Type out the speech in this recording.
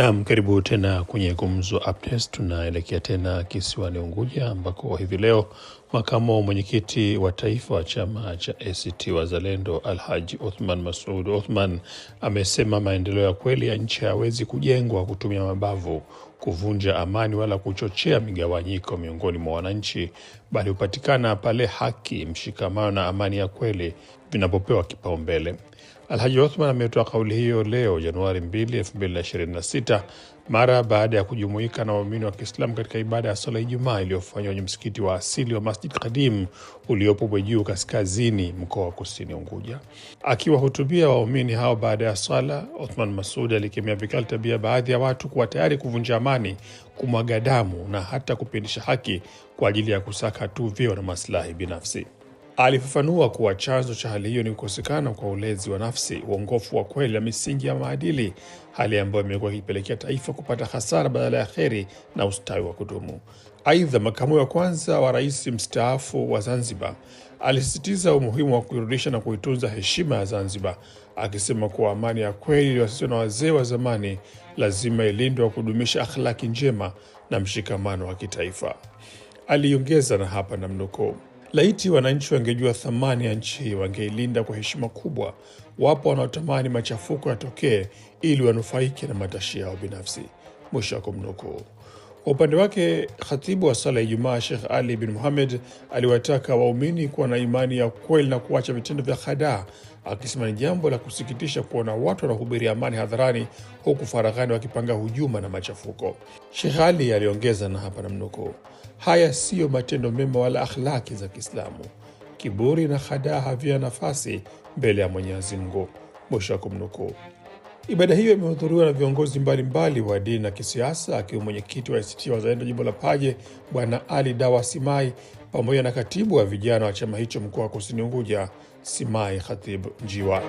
Naam, karibu tena kwenye Gumzo Updates. Tunaelekea tena kisiwani Unguja ambako hivi leo makamo mwenyekiti wa taifa wa chama cha ACT Wazalendo Alhaji Othman Masud Othman amesema maendeleo ya kweli ya nchi hayawezi kujengwa kutumia mabavu, kuvunja amani, wala kuchochea migawanyiko miongoni mwa wananchi, bali hupatikana pale haki, mshikamano na amani ya kweli vinavyopewa kipaumbele. Alhaji Othman ametoa kauli hiyo leo Januari 226 mara baada ya kujumuika na waumini wa Kiislamu katika ibada ya swala Ijumaa iliyofanywa kwenye msikiti wa asili wa Masjid Kadim uliopo Bwejuu kaskazini mkoa wa Kusini Unguja. Akiwahutubia waumini hao baada ya swala, Othman Masud alikemea vikali tabia baadhi ya watu kuwa tayari kuvunja amani, kumwaga damu na hata kupindisha haki kwa ajili ya kusaka tu vyeo na maslahi binafsi. Alifafanua kuwa chanzo cha hali hiyo ni kukosekana kwa ulezi wa nafsi, uongofu wa kweli na misingi ya maadili, hali ambayo imekuwa ikipelekea taifa kupata hasara badala ya heri na ustawi wa kudumu. Aidha, makamu wa kwanza wa rais mstaafu wa Zanzibar alisisitiza umuhimu wa kuirudisha na kuitunza heshima ya Zanzibar, akisema kuwa amani ya kweli iliyoasisiwa na wazee wa zamani lazima ilindwa, kudumisha akhlaki njema na mshikamano wa kitaifa. Aliongeza na hapa namnukuu: Laiti wananchi wangejua thamani ya nchi hii, wangeilinda kwa heshima kubwa. Wapo wanaotamani machafuko yatokee ili wanufaike na matashi yao binafsi. Mwisho wa kumnukuu. Kwa upande wake khatibu wa sala ya Ijumaa Shekh Ali bin Muhamed aliwataka waumini kuwa na imani ya kweli na kuacha vitendo vya khadaa, akisema ni jambo la kusikitisha kuona watu wanahubiri amani hadharani huku faraghani wakipanga hujuma na machafuko. Shekh Ali aliongeza, na hapa namnukuu, haya siyo matendo mema wala akhlaki za Kiislamu. Kiburi na khadaa havina nafasi mbele ya Mwenyezi Mungu, mwisho wa kumnukuu. Ibada hiyo imehudhuriwa na viongozi mbalimbali wa dini na kisiasa, akiwemo mwenyekiti wa ACT Wazalendo jimbo la Paje Bwana Ali Dawa Simai pamoja na katibu wa vijana wa chama hicho mkoa wa Kusini Unguja Simai Khatib Njiwa.